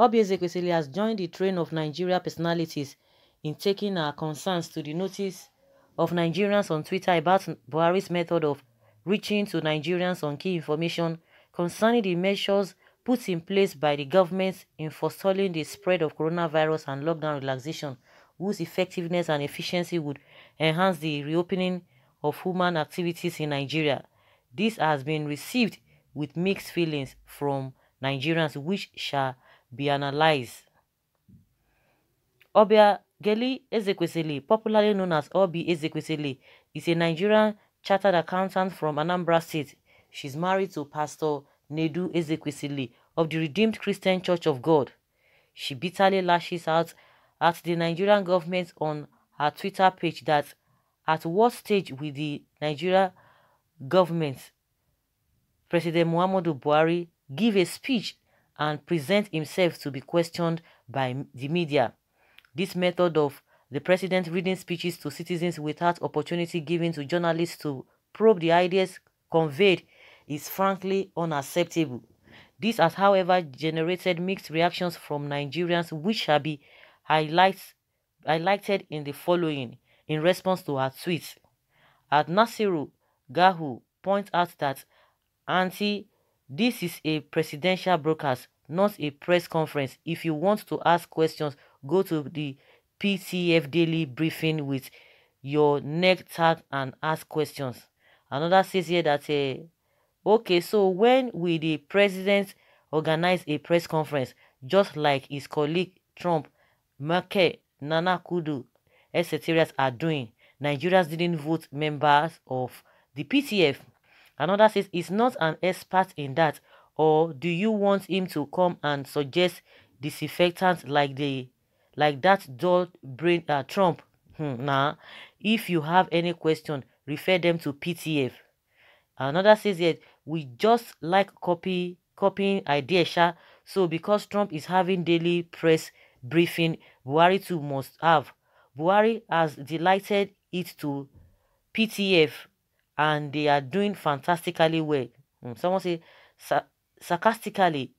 Obieze Ezekwesili has joined the train of Nigeria personalities in taking our concerns to the notice of Nigerians on Twitter about Buhari's method of reaching to Nigerians on key information concerning the measures put in place by the government in forestalling the spread of coronavirus and lockdown relaxation, whose effectiveness and efficiency would enhance the reopening of human activities in Nigeria. This has been received with mixed feelings from Nigerians, which shall be analyzed. Obia Geli Ezekwesili, popularly known as Obi Ezekwesili, is a Nigerian chartered accountant from Anambra State. She's married to Pastor Nedu Ezekwesili of the Redeemed Christian Church of God. She bitterly lashes out at the Nigerian government on her Twitter page that at what stage will the Nigeria government, President Muhammadu Buhari, give a speech and present himself to be questioned by the media. This method of the president reading speeches to citizens without opportunity given to journalists to probe the ideas conveyed is frankly unacceptable. This has, however, generated mixed reactions from Nigerians, which shall be highlighted in the following in response to her tweets. At Nasiru Gahu points out that anti this is a presidential broadcast, not a press conference. If you want to ask questions, go to the PTF daily briefing with your neck tag and ask questions. Another says here that, uh, okay, so when will the president organize a press conference, just like his colleague Trump, Merkel, Nana Kudu, etc. are doing? Nigerians didn't vote members of the PTF. Another says, is not an expert in that or do you want him to come and suggest disinfectants like the like that dull brain uh, Trump? Hmm, nah. If you have any question, refer them to PTF. Another says that we just like copy copying ideas, sha. So because Trump is having daily press briefing, Buhari too must have. Buhari has delighted it to PTF and they are doing fantastically well. Hmm, someone say sarcastically,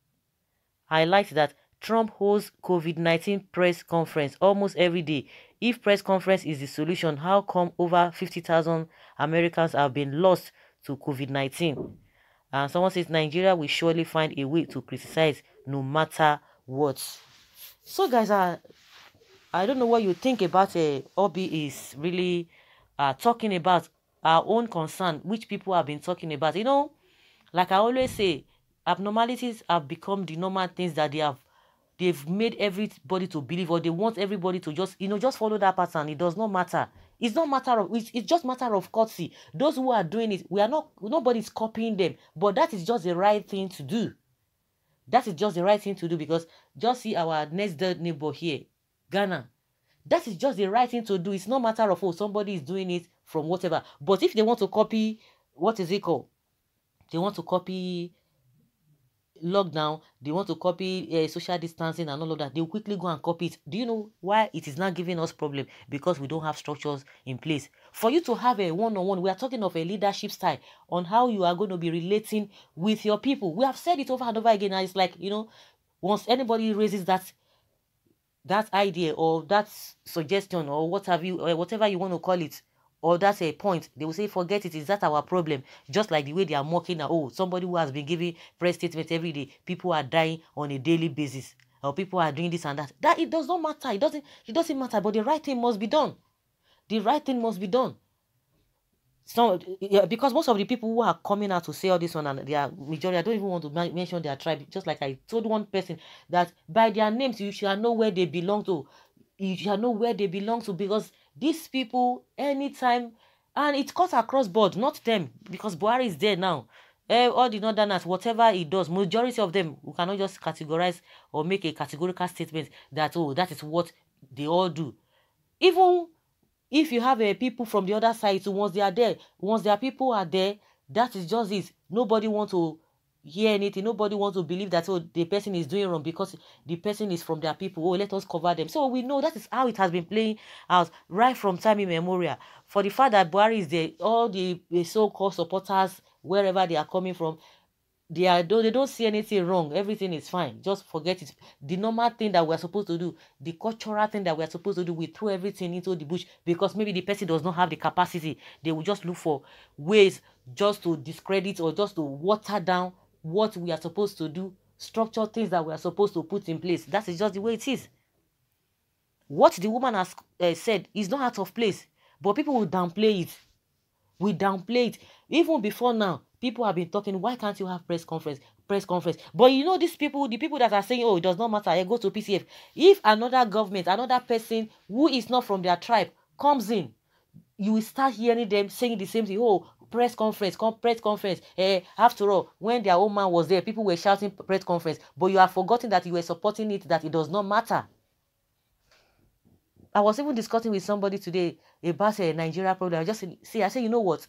"I like that Trump holds COVID-19 press conference almost every day. If press conference is the solution, how come over 50,000 Americans have been lost to COVID-19? And someone says Nigeria will surely find a way to criticize no matter what. So guys, I, I don't know what you think about uh, Obi is really uh, talking about our own concern, which people have been talking about. You know, like I always say, abnormalities have become the normal things that they have they've made everybody to believe or they want everybody to just you know just follow that pattern it does not matter it's not matter of it's, it's just matter of courtesy those who are doing it we are not nobody's copying them but that is just the right thing to do that is just the right thing to do because just see our next door neighbor here ghana that is just the right thing to do it's no matter of oh somebody is doing it from whatever. But if they want to copy, what is it called? They want to copy lockdown, they want to copy uh, social distancing and all of that, they'll quickly go and copy it. Do you know why it is not giving us problem? Because we don't have structures in place. For you to have a one-on-one, -on -one, we are talking of a leadership style on how you are going to be relating with your people. We have said it over and over again. And it's like, you know, once anybody raises that that idea or that suggestion or what have you, or whatever you want to call it, or that's a point, they will say, forget it, is that our problem? Just like the way they are mocking now, oh, somebody who has been giving press statements every day, people are dying on a daily basis, or people are doing this and that. That it does not matter. It doesn't, it doesn't matter, but the right thing must be done. The right thing must be done. So, yeah, because most of the people who are coming out to say all this one and their majority, I don't even want to mention their tribe. Just like I told one person that by their names you shall know where they belong to you shall know where they belong to because these people anytime and it cuts across board not them because buhari is there now uh, all the northerners whatever he does majority of them we cannot just categorize or make a categorical statement that oh that is what they all do even if you have uh, people from the other side so once they are there once their people are there that is just it nobody want to hear anything. Nobody wants to believe that oh the person is doing wrong because the person is from their people. Oh, let us cover them. So we know that is how it has been playing out right from time immemorial. For the fact that Buhari is there, all the so-called supporters, wherever they are coming from, they are they don't see anything wrong. Everything is fine. Just forget it. The normal thing that we're supposed to do, the cultural thing that we're supposed to do, we throw everything into the bush because maybe the person does not have the capacity. They will just look for ways just to discredit or just to water down what we are supposed to do, structure things that we are supposed to put in place. That is just the way it is. What the woman has uh, said is not out of place, but people will downplay it. We downplay it. Even before now, people have been talking, why can't you have press conference? Press conference. But you know, these people, the people that are saying, oh, it does not matter, I eh, go to PCF. If another government, another person who is not from their tribe comes in, you will start hearing them saying the same thing. Oh, press conference, press conference. Eh, after all, when their own man was there, people were shouting press conference, but you have forgotten that you were supporting it, that it does not matter. I was even discussing with somebody today about a eh, Nigeria problem. I just see, I say, you know what?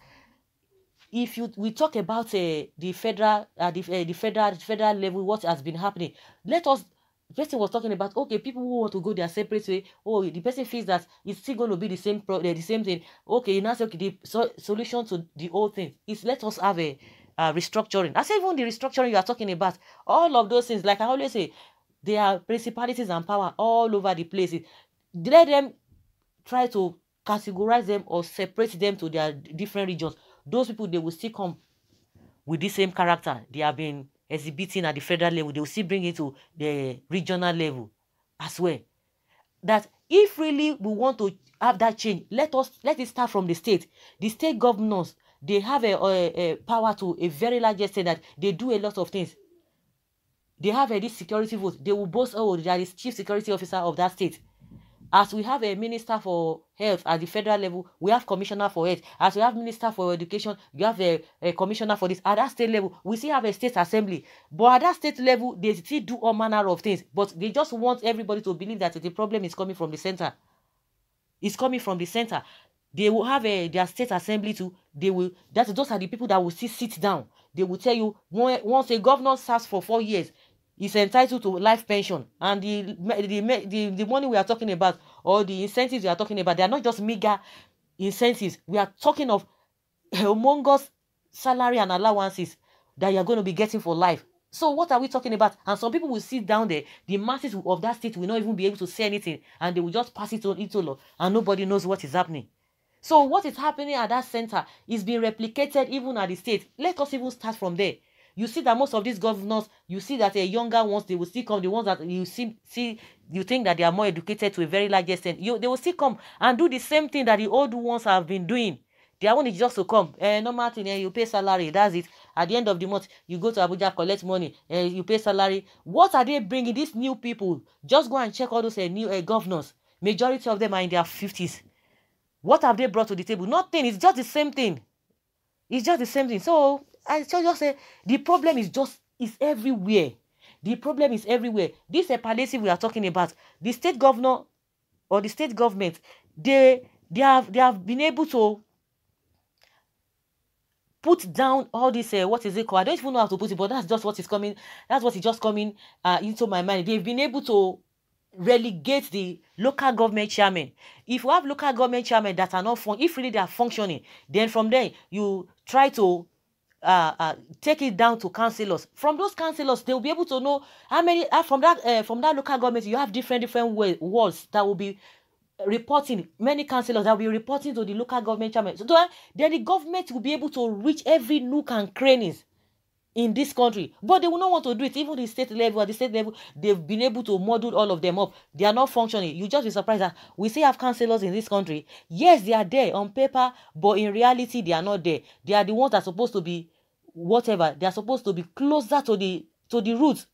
If you we talk about uh, the federal, uh, the, uh, the federal, the federal level, what has been happening, let us person was talking about okay, people who want to go their separate way. Oh, the person feels that it's still going to be the same pro- the same thing. Okay, now say okay, the so- solution to the whole thing is let us have a uh, restructuring. I say even the restructuring you are talking about, all of those things. Like I always say, there are principalities and power all over the places. Let them try to categorize them or separate them to their different regions. Those people they will still come with the same character. They have been exhibiting at the federal level, they will still bring it to the regional level as well. That if really we want to have that change, let us let it start from the state. The state governors they have a, a, a power to a very large extent that they do a lot of things. They have a, this security vote. They will boast, oh, that is chief security officer of that state as we have a minister for health at the federal level we have commissioner for health as we have minister for education we have a, a commissioner for this at that state level we still have a state assembly but at that state level they still do all manner of things but they just want everybody to believe that the problem is coming from the center it's coming from the center they will have a, their state assembly too they will that those are the people that will still sit down they will tell you once a governor serves for four years is entitled to life pension and the the the, the money we are talking about or the incentives we are talking about they are not just meager incentives we are talking of humongous salary and allowances that you are going to be getting for life so what are we talking about and some people will sit down there the masses of that state will not even be able to say anything and they will just pass it on into law and nobody knows what is happening so what is happening at that center is being replicated even at the state let us even start from there you see that most of these governors you see that a eh, younger ones they will still come the ones that you see see you think that they are more educated to a very large extent you they will still come and do the same thing that the old ones have been doing their own is just to come eh normal thing eh you pay salary that's it at the end of the month you go to abuja collect money eh you pay salary what are they bringing these new people just go and check all those eh, new eh, governors majority of them are in their fifties what have they brought to the table nothing it's just the same thing it's just the same thing so I just say the problem is just is everywhere. The problem is everywhere. This eh, palliative we are talking about, the state governor or the state government, they they have they have been able to put down all this uh, what is it called? I don't even know how to put it, but that's just what is coming. That's what is just coming uh, into my mind. They've been able to relegate the local government chairman. If you have local government chairman that are not fun, if really they are functioning, then from there you try to uh, uh, take it down to councillors. From those councillors, they will be able to know how many uh, from that uh, from that local government. You have different different ways, walls that will be reporting. Many councillors that will be reporting to the local government chairman. So then the government will be able to reach every nook and crannies in this country, but they will not want to do it. Even the state level at the state level, they've been able to model all of them up. They are not functioning. You just be surprised that we still have councillors in this country. Yes, they are there on paper, but in reality, they are not there. They are the ones that are supposed to be whatever. They are supposed to be closer to the to the roots,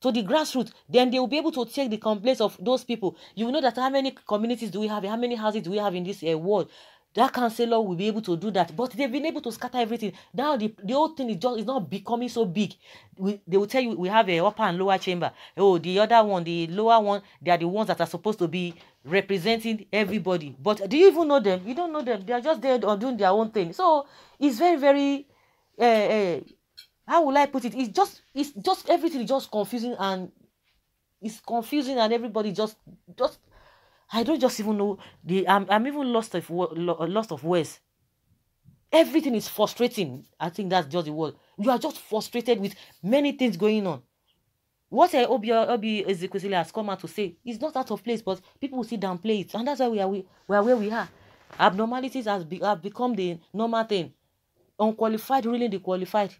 to the grassroots. Then they will be able to take the complaints of those people. You know that how many communities do we have? How many houses do we have in this uh, world? that counselor will be able to do that but they've been able to scatter everything now the the whole thing is just is not becoming so big we, they will tell you we have a upper and lower chamber oh the other one the lower one they are the ones that are supposed to be representing everybody but do you even know them you don't know them they are just there or doing their own thing so it's very very uh, uh, how will i put it it's just it's just everything is just confusing and it's confusing and everybody just just I don't just even know the I'm I'm even lost of lost of words. Everything is frustrating. I think that's just the word. You are just frustrated with many things going on. What I Obi Obi Ezekwesili has come out to say is not out of place, but people will sit down play it, and that's why we are we, we are where we are. Abnormalities has be, have become the normal thing. Unqualified really the qualified.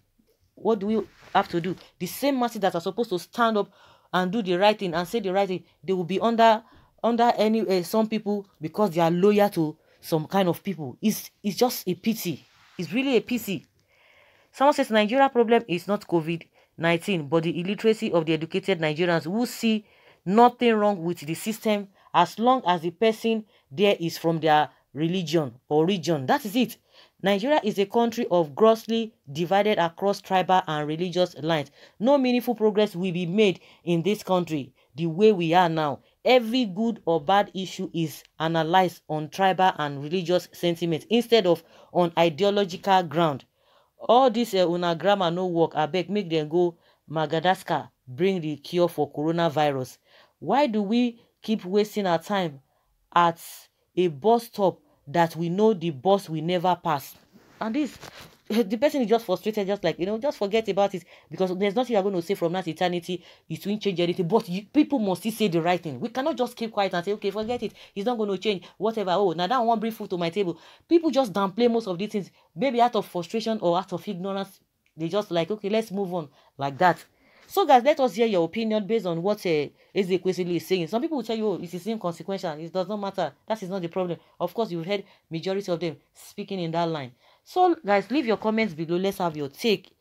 What do we have to do? The same masses that are supposed to stand up and do the right thing and say the right thing, they will be under under any uh, some people because they are loyal to some kind of people. It's it's just a pity. It's really a pity. Someone says Nigeria problem is not COVID nineteen, but the illiteracy of the educated Nigerians who see nothing wrong with the system as long as the person there is from their religion or region. That is it. Nigeria is a country of grossly divided across tribal and religious lines. No meaningful progress will be made in this country the way we are now every good or bad issue is analyzed on tribal and religious sentiment instead of on ideological ground. All this uh, una grammar no work, I beg, make them go Madagascar, bring the cure for coronavirus. Why do we keep wasting our time at a bus stop that we know the bus will never pass? And this, the person is just frustrated, just like you know, just forget about it because there's nothing you're going to say from that eternity. It won't change anything. But you, people must still say the right thing. We cannot just keep quiet and say, okay, forget it. It's not going to change. Whatever. Oh, now that one bring food to my table. People just downplay most of these things, maybe out of frustration or out of ignorance. They just like, okay, let's move on like that. So, guys, let us hear your opinion based on what uh, is saying. Some people will tell you, oh, it is inconsequential. It does not matter. That is not the problem. Of course, you've heard majority of them speaking in that line. So guys, leave your comments below. Let's have your take